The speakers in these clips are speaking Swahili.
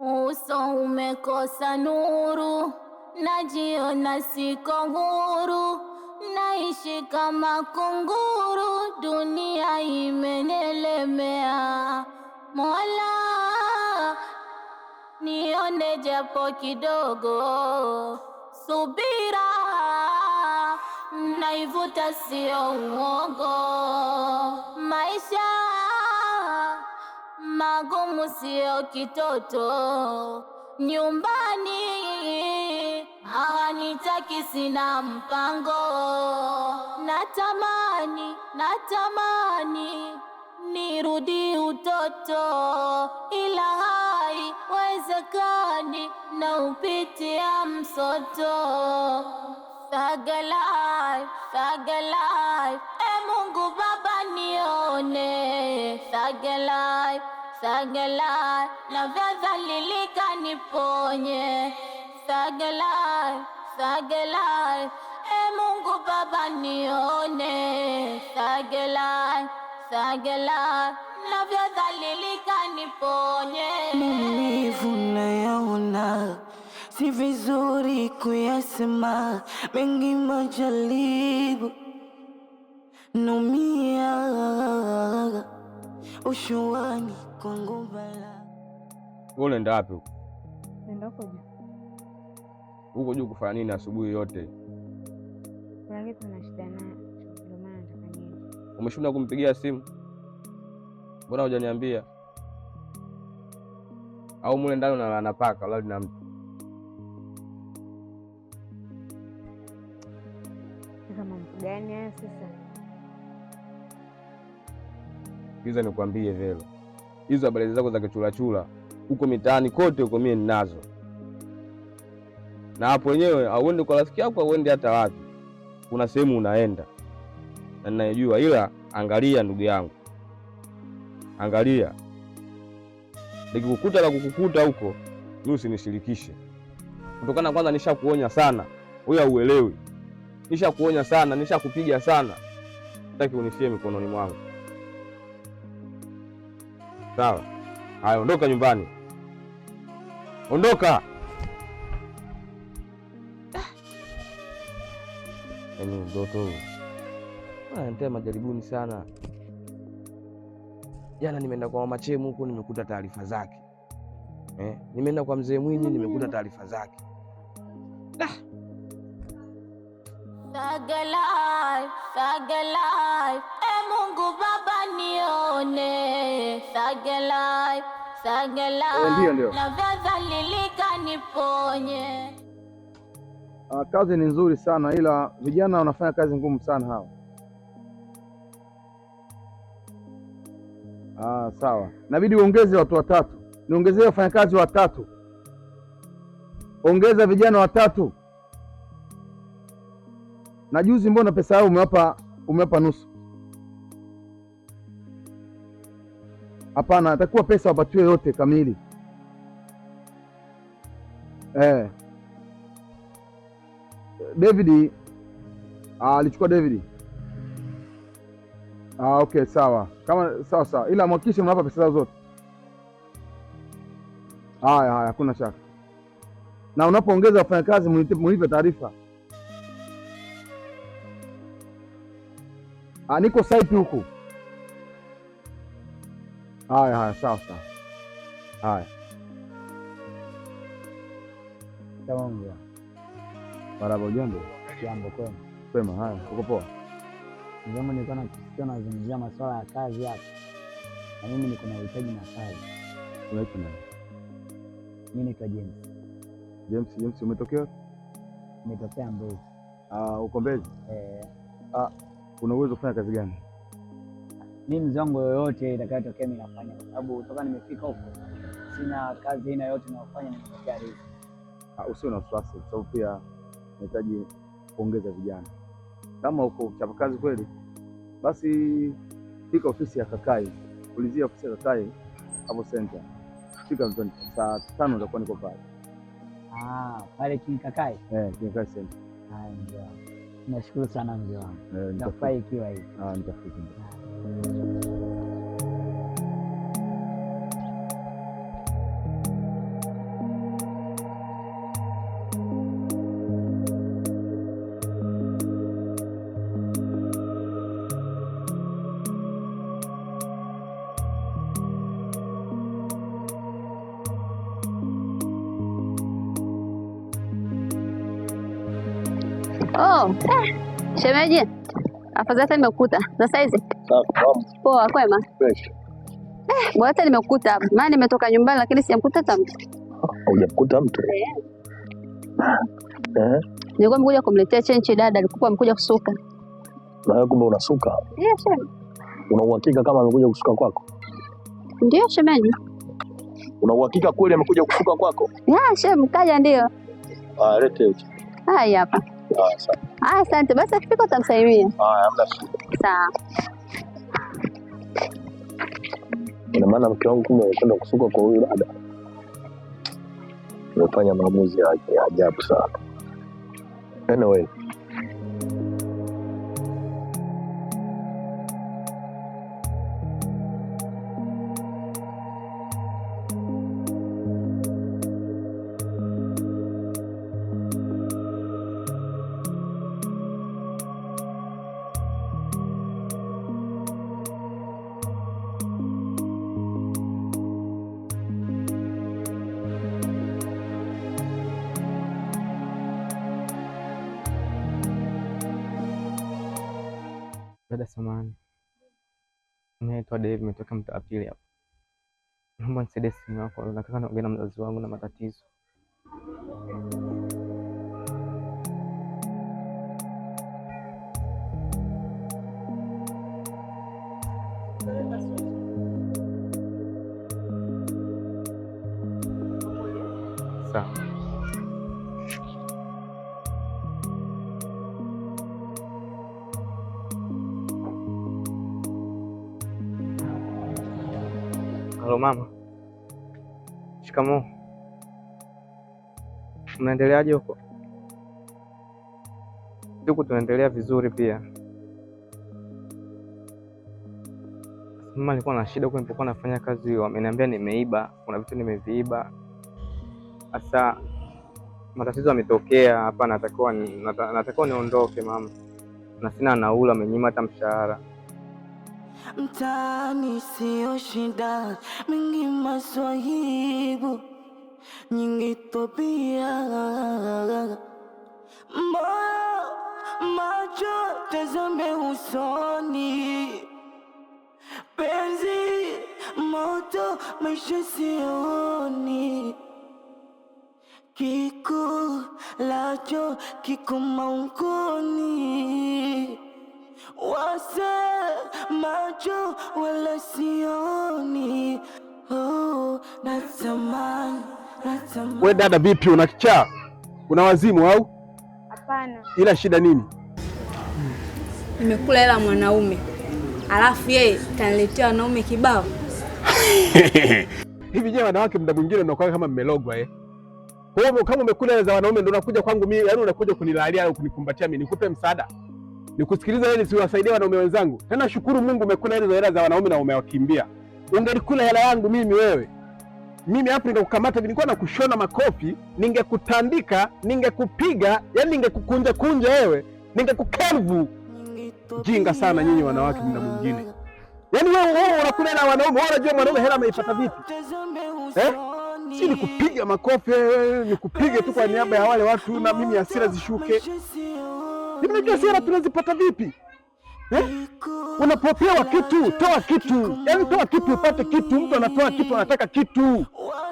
Uso umekosa nuru, najiona siko huru, naishi kama kunguru, dunia imenelemea. Mola, nione japo kidogo, subira naivuta sio uongo, maisha magumu, sio kitoto. Nyumbani hawanitaki, sina mpango. Natamani, natamani nirudi utoto, ila hai wezekani na upitia msoto Sagalai, sagalai, e Mungu Baba nione, sagalai Thagala, navyadhalilika niponye. Thagala, Thagala, e Mungu Baba nione. Thagala, Thagala, navyadhalilika niponye. Maumivu nayaona, si vizuri kuyasema, mengi majaribu numia ushuani wewe unaenda wapi huko? Naenda huko juu. Huko juu kufanya nini asubuhi yote? Kuna kitu shida naye. Ndio maana nataka Umeshinda kumpigia simu? Mbona hujaniambia? Au mule ndani unalala na paka wala na mtu? Kama mtu gani sasa? Kiza nikwambie vile hizo habari zako za kichulachula huko mitaani kote huko, mie ninazo. Na hapo wenyewe auende kwa rafiki yako, auende hata wapi, kuna sehemu unaenda na ninajua, ila angalia ndugu yangu, angalia nikikukuta la kukukuta huko, mi usinishirikishe, kutokana kwanza, nishakuonya sana, wewe auelewi Nishakuonya sana, nishakupiga sana, nataki unifie mikononi mwangu. Sawa. Haya, ondoka nyumbani, ondoka. Ah. Yaani mtoto ananitia majaribuni sana. Jana nimeenda kwa mama Chemu huko nimekuta taarifa zake eh. Nimeenda kwa mzee Mwinyi nimekuta taarifa zake Sagalai, ah. eh, Mungu niponye. Uh, ah, kazi ni nzuri sana ila vijana wanafanya kazi ngumu sana hawa. Ah, sawa, nabidi uongeze watu watatu, niongezee wafanyakazi watatu, ongeza vijana watatu. Na juzi mbona pesa yao umewapa umewapa nusu? Hapana, atakuwa pesa wapatiwe yote kamili eh. David ah, alichukua David. Ah, okay sawa, kama sawa sawa, ila mhakikishe mnapa pesa zao zote. Haya haya, hakuna shaka. Na unapoongeza wafanyakazi mlipe taarifa. Ah, niko site huku. Haya haya, sawa sawa. Haya taonga baraba, ujambo? Jambo, kwema kwema. Haya, uko poa? Mzangu, nilikuwa nakusikia unazungumzia masuala ya kazi hapa, na mimi niko na uhitaji na kazi. Unaitwa nani? Mimi naitwa James. James, James, umetokea? Umetokea Mbezi. Ah, uko Mbezi? Eh. Ah, una uwezo kufanya kazi gani? mimi mzongo yoyote itakayotokea mimi nafanya, kwa sababu toka nimefika huko sina kazi aina yoyote ninayofanya, nimetokea hivi. Ah, Usio na wasiwasi, kwa sababu pia nahitaji kuongeza vijana. Kama uko chapa kazi kweli, basi fika ofisi ya Kakai, ulizia ofisi ya Kakai hapo center, fika mtoni saa tano utakuwa niko pale. Ah, pale King Kakai eh, King Kakai center. Nashukuru sana mzee wangu, eh, nitafurahi ikiwa hivi. Ah, nitafika. Oh, é. a fazer afadhali sasa imekuta tá? dá hizi Poa, kwema. Eh, bora hata nimekukuta hapa, maana nimetoka nyumbani lakini sijamkuta hata mtu. Hujamkuta mtu? Eh. eh? Nilikuwa mkuja kumletea chenchi dada, alikuwa mkuja kusuka. Na wewe kumbe unasuka? Eh, shema. Una uhakika kama amekuja kusuka kwako? Ndio, shemaji. Una uhakika kweli amekuja kusuka kwako? Ah, shema, kaja ndio. Ah, lete hicho. Haya hapa. Ah, asante. Ah, asante. Basi akifika utamsalimia. Ah, hamna shida. Sawa. Ina maana mke wangu kumbe amekwenda kusuka kwa huyu dada. Nimefanya maamuzi ya ya ajabu sana. Anyway, naitwa Dave, nimetoka mtaa wa pili hapa. Naomba nisaidie simu yako, nataka naongea na mzazi wangu na matatizo. Halo mama. Shikamoo. Unaendeleaje huko? Huku tunaendelea vizuri pia. Mama alikuwa na shida huko nilipokuwa nafanya kazi, wameniambia nimeiba, kuna vitu nimeviiba. Sasa matatizo yametokea hapa, natakiwa natakiwa niondoke mama, na sina naula, amenyima hata mshahara mtaani siyo shida, mingi maswahibu, nyingi tobia, moyo macho tazame usoni, penzi moto maisha sioni, kiku lacho kiko maungoni wase macho wala sioni. Oh, natamani, natamani. We dada, vipi una kichaa? Kuna wazimu au? Hapana. Ila shida nini? Nimekula hela mwanaume, alafu yeye kaniletea wanaume kibao hivi. Je, wanawake muda mwingine unakuwa kama mmelogwa eh? Kwa hiyo kama umekula hela za wanaume ndio unakuja kwangu mimi, yaani unakuja kunilalia au kunikumbatia mimi, nikupe msaada? nikusikiliza ili siwasaidie wanaume wenzangu. Tena shukuru Mungu umekula hizo hela za wanaume na umewakimbia. Ungelikula hela yangu mimi wewe. Mimi hapo ningekukamata, nilikuwa na kushona makofi, ningekutandika, ningekupiga, yani ningekukunja kunja wewe, ningekukelvu. Jinga sana nyinyi wanawake mna mwingine. Yaani wewe wewe unakula hela wanaume, wewe unajua mwanaume hela ameipata vipi? Eh? Si ni nikupiga makofi, ni eh, nikupige tu kwa niaba ya wale watu na mimi hasira zishuke. Unajua hasira tunazipata vipi eh? Unapopewa kitu toa kitu, yaani toa kitu upate kitu. Mtu anatoa kitu, anataka kitu.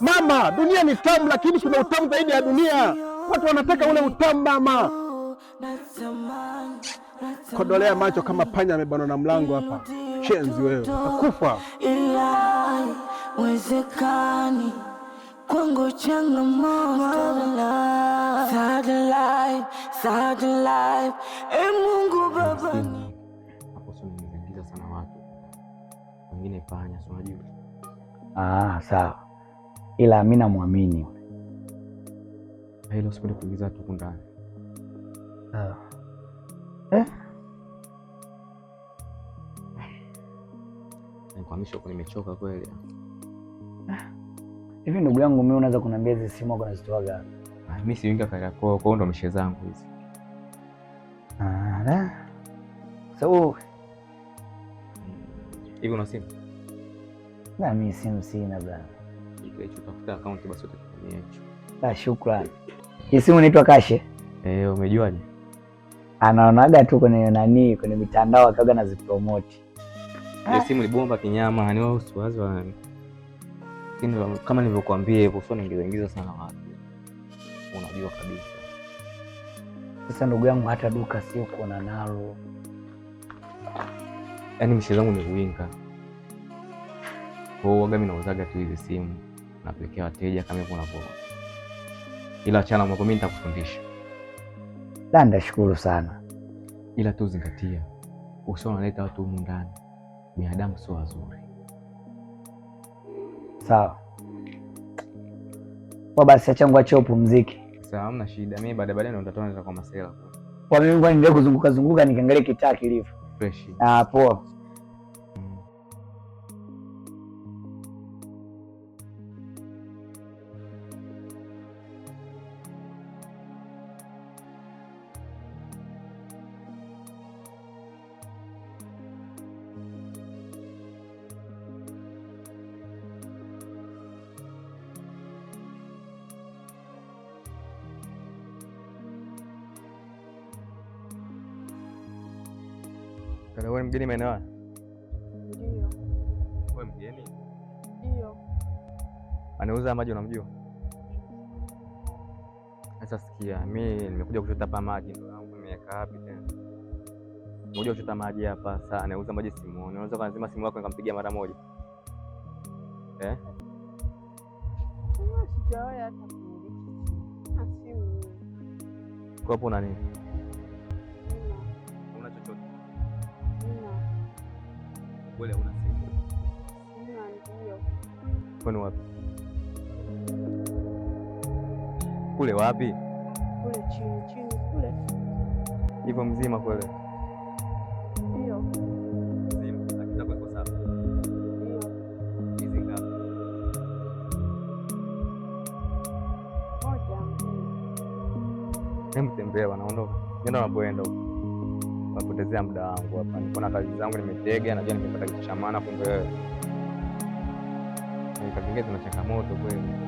Mama, dunia ni tamu, lakini kuna utamu zaidi ya dunia. Watu wanataka ule utamu. Mama, kodolea macho kama panya amebanwa na mlango hapa. Shenzi wewe, utakufa kwangu e nimeingiza sana watu wengine panya, si unajua? Ah, sawa, ila mimi namwamini hilo, sipendi kuingiza watu huku ndani. Sawa eh? eh. Nimechoka kweli. Eh. Hivi ndugu yangu, mimi unaweza kuniambia hizi simu yako Ah, Mimi si winga kaka kwa kwa ndo mishe zangu hizi. Ah, so hivi una simu? Na mimi simu sina bwana. Ikiwa tafuta account basi utatumia hicho. Ah, shukrani. Hii simu inaitwa Kashe. Eh, umejuaje? Anaonaga tu kwenye nani, kwenye mitandao akaga zipromote. Ile simu ni bomba kinyama, ni wao usiwazi lakini kama nilivyokuambia hivyo, sio ningeingiza sana watu, unajua kabisa. Sasa ndugu yangu, hata duka sio kuona nalo, yaani mshele zangu ni kuinga kwao. Waga mimi nauzaga tu hizi simu napelekea wateja kama hivyo unavyoona, ila chana mambo, mimi nitakufundisha. La, ndashukuru sana, ila tu zingatia, usio unaleta watu humu ndani, binadamu sio wazuri. Sawa kwa basi, achangu achia upumzike. Sawa, hamna shida. Mimi baada baada ndo nitatoa kwa masela kwa mimi, kwa niendelee kuzunguka zunguka, nikiangalia kitaa kilivyo fresh. Ah, poa. Wewe mgeni maeneo haya? Ndio. Wewe mgeni? Ndio. Anauza maji unamjua? Sasa sikia, mimi nimekuja kuchota hapa maji, ndio yangu nimeweka wapi tena. Nimekuja kuchota maji hapa, sasa anauza maji simuoni. Unaweza kuzima simu yako nikampigia mara moja? Eh? Sijawahi hata. Kwa hapo na nini? kweli hauna sehemu? Ndio. Kwani wapi? Kule wapi? Kule chini chini kule. Hivyo mzima kweli? Ndio. Hebu tembea, Nenda huko napotezea muda wangu hapa, niko na kazi zangu nimetega, najua nimepata kitu cha maana, kumbe kazi zingine zina changamoto kweli.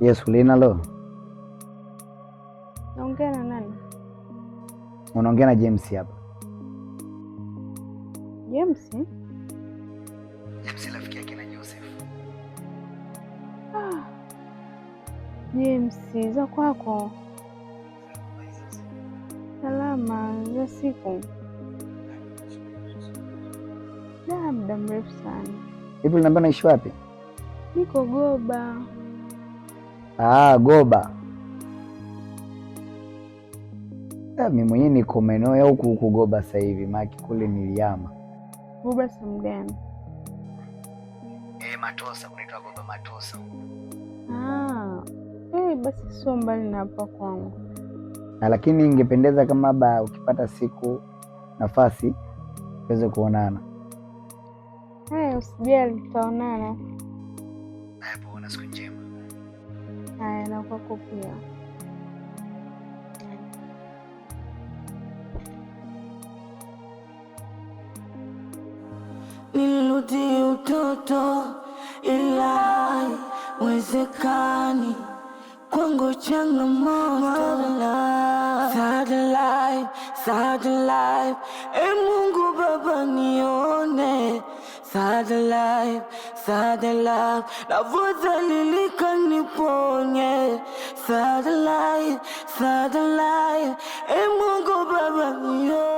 Yesu linalo naongea na nani? Unaongea na James hapa. James? James rafiki yake na Joseph. Ah. James za kwako salama za siku da muda mrefu sana. Hivi, unaambia naishi wapi? Niko Goba. Ah, Goba ah, mi mwenyewe niko maeneo ya huku huku Goba sasa hivi, maki kule niliama. Goba sehemu gani? Eh, Matosa, kunaitwa Goba Matosa. Ah, eh, basi sio mbali na hapa kwangu, na lakini ingependeza kama ba ukipata siku nafasi uweze kuonana. Eh, usijali, tutaonana. Haya, na kwako pia. Nilirudi utoto, ila wezekani kwangu changamoto. E Mungu Baba, nione Third love navyodhalilika, niponye. Third life, third life, e Mungu Baba mio